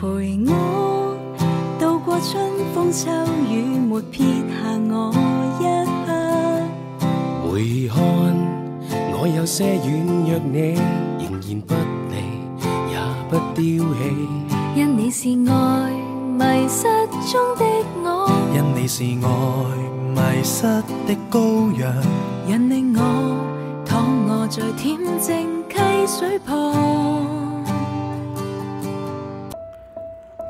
陪我渡過春風秋雨，沒撇下我一刻。回看我有些軟弱你，你仍然不離，也不丟棄。因你是愛迷失中的我，因你是愛迷失的羔羊，引領我躺臥在恬靜溪水旁。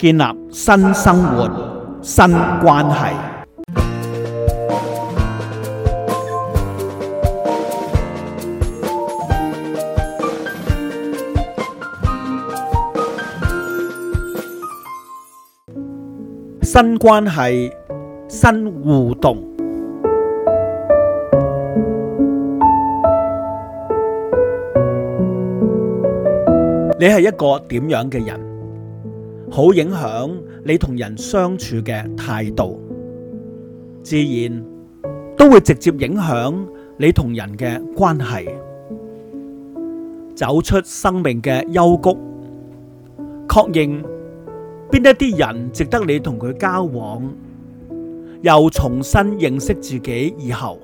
建立新生活、新關係、新關係、新互動。你係一個點樣嘅人？好影響你同人相處嘅態度，自然都會直接影響你同人嘅關係。走出生命嘅幽谷，確認邊一啲人值得你同佢交往，又重新認識自己以後，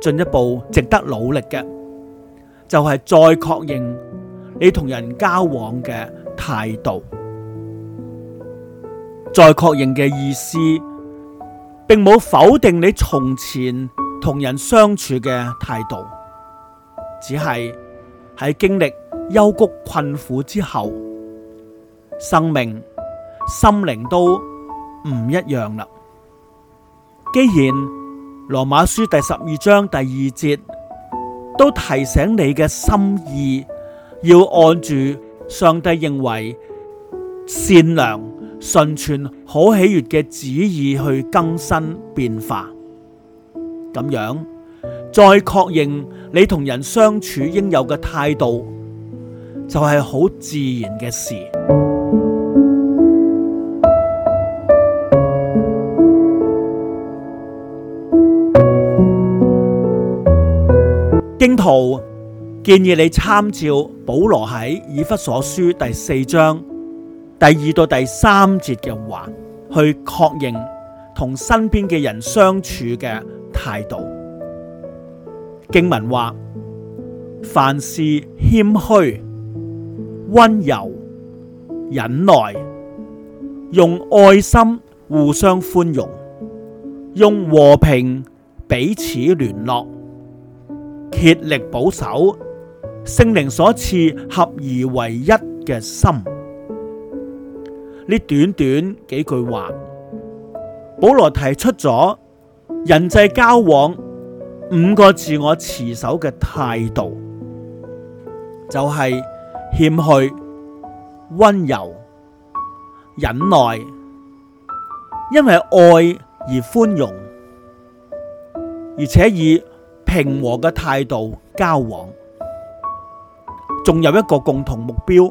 進一步值得努力嘅就係、是、再確認你同人交往嘅態度。再確認嘅意思，並冇否定你從前同人相處嘅態度，只係喺經歷憂谷困苦之後，生命、心靈都唔一樣啦。既然羅馬書第十二章第二節都提醒你嘅心意要按住上帝認為善良，順從好喜悅嘅旨意去更新變化，咁樣再確認你同人相處應有嘅態度，就係好自然嘅事。荊徒建議你參照保羅喺以弗所書第四章，第二到第三節嘅話，去確認同身邊嘅人相處嘅態度。經文話：凡事謙虛、溫柔、忍耐，用愛心互相寬容，用和平彼此聯絡，竭力保守聖靈所賜合而為一嘅心。呢短短幾句話，保羅提出咗人際交往五個自我持守嘅態度，就係謙虛、溫柔、忍耐，因為愛而寬容，而且以平和嘅態度交往，仲有一個共同目標。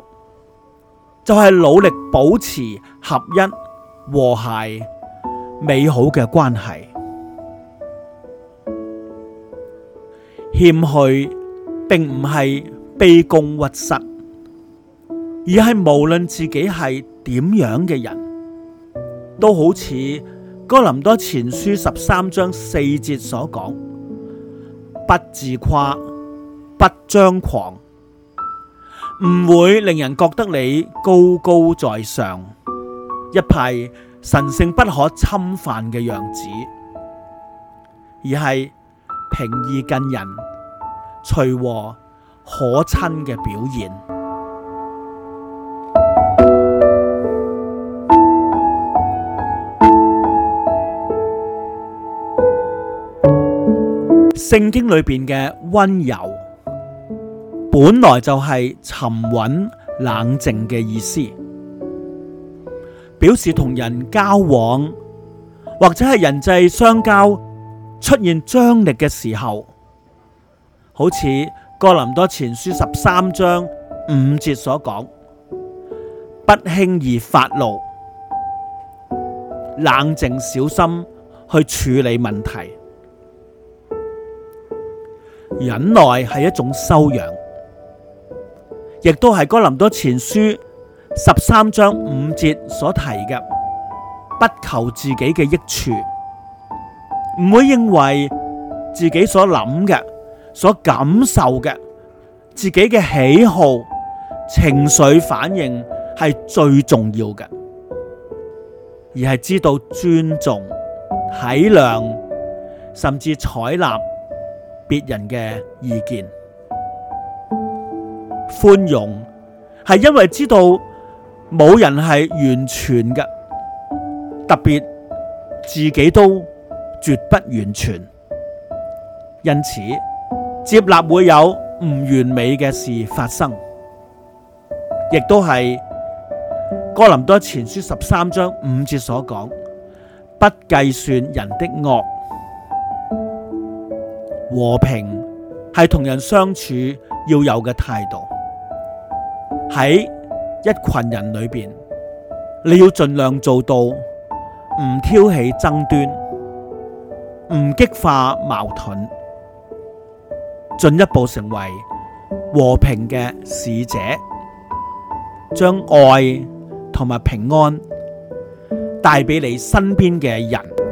就係努力保持合一、和諧、美好嘅關係。謙虛並唔係卑躬屈膝，而係無論自己係點樣嘅人，都好似哥林多前書十三章四節所講：不自誇，不張狂。唔會令人覺得你高高在上，一派神聖不可侵犯嘅樣子，而係平易近人、隨和可親嘅表現。聖經裏面嘅温柔。本來就係沉穩冷靜嘅意思，表示同人交往或者係人際相交出現張力嘅時候，好似哥林多前書十三章五節所講，不輕易發怒，冷靜小心去處理問題，忍耐係一種修養。亦都係哥林多前書十三章五節所提嘅，不求自己嘅益處，唔會認為自己所諗嘅、所感受嘅、自己嘅喜好、情緒反應係最重要嘅，而係知道尊重、體諒，甚至採納別人嘅意見。寬容係因為知道冇人係完全嘅，特別自己都絕不完全，因此接納會有唔完美嘅事發生，亦都係哥林多前書十三章五節所講，不計算人的惡，和平係同人相處要有嘅態度。喺一群人裏邊，你要盡量做到唔挑起爭端，唔激化矛盾，進一步成為和平嘅使者，將愛同埋平安帶俾你身邊嘅人。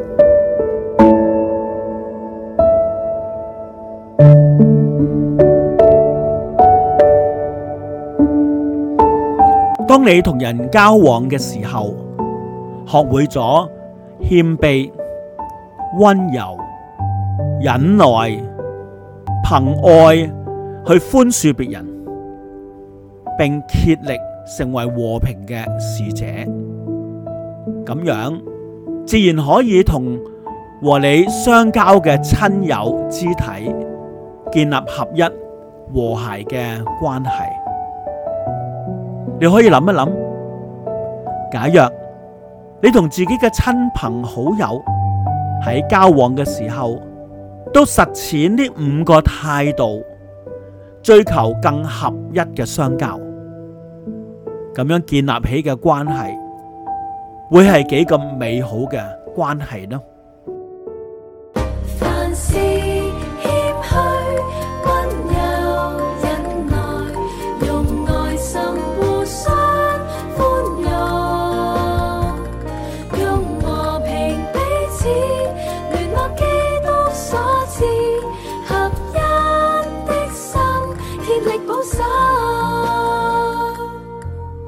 當你同人交往嘅時候，學會咗謙卑、温柔、忍耐，憑愛去寬恕別人，並竭力成為和平嘅使者，咁樣自然可以同和你相交嘅親友肢體建立合一和諧嘅關係。你可以諗一諗，假若你同自己嘅親朋好友喺交往嘅時候，都實踐呢五個態度，追求更合一嘅相交，咁樣建立起嘅關係，會係幾咁美好嘅關係呢？